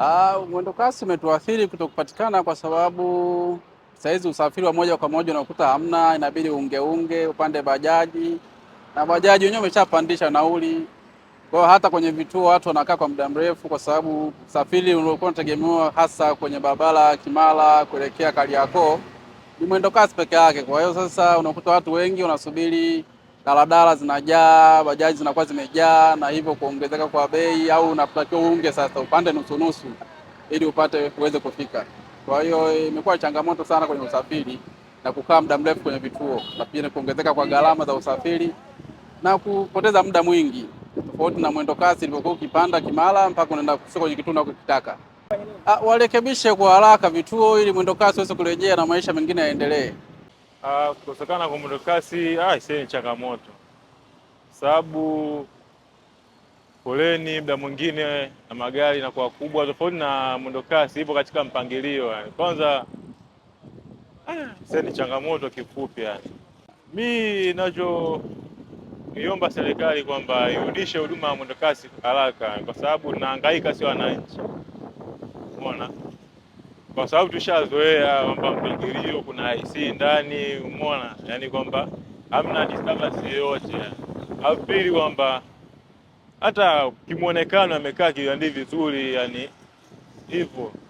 Uh, mwendo kasi umetuathiri kutokupatikana kwa sababu sahizi usafiri wa moja kwa moja unakuta hamna, inabidi ungeunge upande bajaji na bajaji wenyewe umeshapandisha nauli. Kwa hiyo hata kwenye vituo watu wanakaa kwa muda mrefu, kwa sababu usafiri uliokuwa unategemewa hasa kwenye barabara Kimara kuelekea Kariakoo ni mwendo kasi peke yake. Kwa hiyo sasa unakuta watu wengi wanasubiri daladala zinajaa, bajaji zinakuwa zimejaa, na hivyo kuongezeka kwa bei, au unatakiwa uunge sasa upande nusu nusu ili upate uweze kufika. Kwa hiyo imekuwa changamoto sana kwenye usafiri na kukaa muda mrefu kwenye vituo, na pia kuongezeka kwa gharama za usafiri na kupoteza muda mwingi, tofauti na mwendo kasi ilivyokuwa ukipanda Kimara mpaka unaenda kufika kwenye kituo unachokitaka. Ah, warekebishe kwa haraka vituo ili mwendo kasi uweze kurejea na maisha mengine yaendelee. Ah, kukosekana kwa mwendokasi aisee, ah, ni changamoto sababu poleni muda mwingine na magari inakuwa kubwa, tofauti na mwendokasi ipo katika mpangilio yani. Kwanza ah, sasa ni changamoto kifupi yani. Mi nacho niomba serikali kwamba irudishe huduma ya mwendokasi haraka, kwa sababu naangaika sio wananchi. mona kwa sababu tushazoea kwamba mpangilio kuna IC ndani, umeona yani kwamba hamna disturbance yoyote, au pili kwamba hata kimwonekano amekaa kiwandii vizuri, yani hivyo.